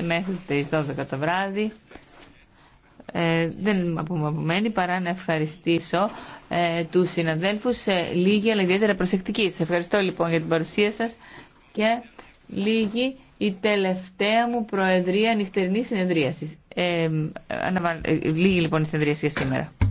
μέχρι τις 12 το βράδυ. Ε, δεν μου απομένει παρά να ευχαριστήσω ε, τους συναδέλφους ε, λίγη αλλά ιδιαίτερα προσεκτική. ευχαριστώ λοιπόν για την παρουσία σας και λίγη η τελευταία μου προεδρία νυχτερινής συνεδρίασης. Ε, ε λίγη λοιπόν η συνεδρίαση για σήμερα.